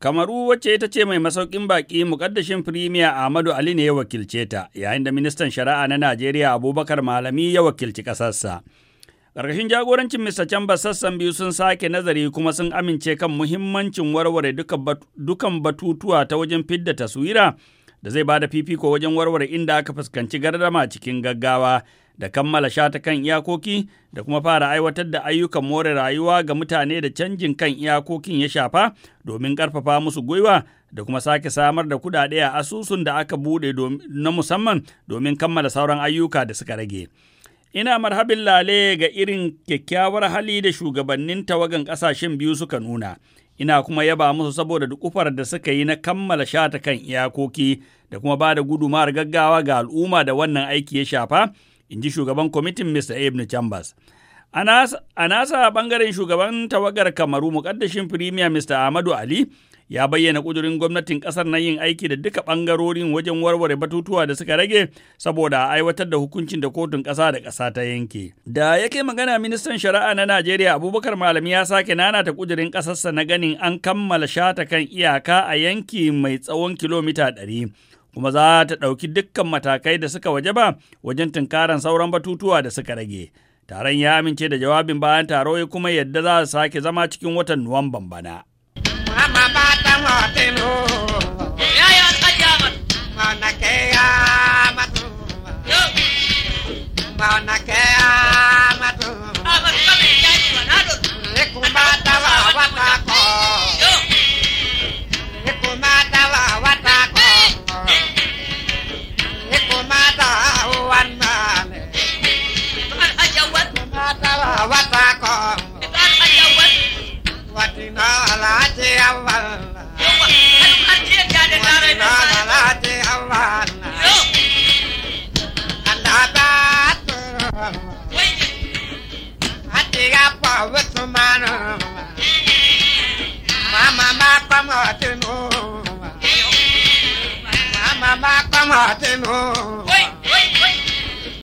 Kamaru wacce ita ce mai masaukin baki mukaddashin firimiya Ahmadu Ali ne ya wakilce ta, yayin da ministan shari'a na Najeriya Abubakar Malami ya wakilci ƙasarsa. Ƙarƙashin jagorancin Mr. Chambers sassan biyu sun sake nazari kuma sun amince kan muhimmancin warware dukan batutuwa ta wajen fidda taswira da zai bada fifiko wajen warware inda aka fuskanci gardama cikin gaggawa da kammala shata kan iyakoki da kuma fara aiwatar da ayyukan more rayuwa ga mutane da canjin kan iyakokin ya shafa domin ƙarfafa musu gwiwa da kuma sake samar da kuɗaɗe a asusun da aka buɗe na musamman domin kammala sauran ayyuka da suka rage. Ina marhabin lale ga irin kyakkyawar hali da shugabannin tawagan ƙasashen biyu suka nuna. ina kuma yaba musu saboda dukufar da suka yi na kammala shata kan iyakoki da kuma ba da gudumar gaggawa ga al'umma da wannan aiki ya shafa in ji shugaban kwamitin Mr. Ibn Chambers. A nasa ɓangaren shugaban tawagar Kamaru mukaddashin firimiya Mr. Ahmadu Ali ya bayyana kudurin gwamnatin ƙasar na yin aiki da duka ɓangarorin wajen warware batutuwa da suka rage saboda aiwatar da hukuncin da kotun ƙasa da ƙasa ta yanke. Da ya yake magana ministan shari'a na Najeriya Abubakar Malami ya sake nanata kudurin ƙasarsa na ganin an kammala shata kan iyaka a yanki mai tsawon kilomita ɗari. kuma za ta ɗauki dukkan matakai da suka wajaba wajen tunkaran sauran batutuwa da suka rage. Taron ya amince da jawabin bayan taro ya kuma yadda za su sake zama cikin watan Nuwamban bana. my oh. Mama, Martin, oh.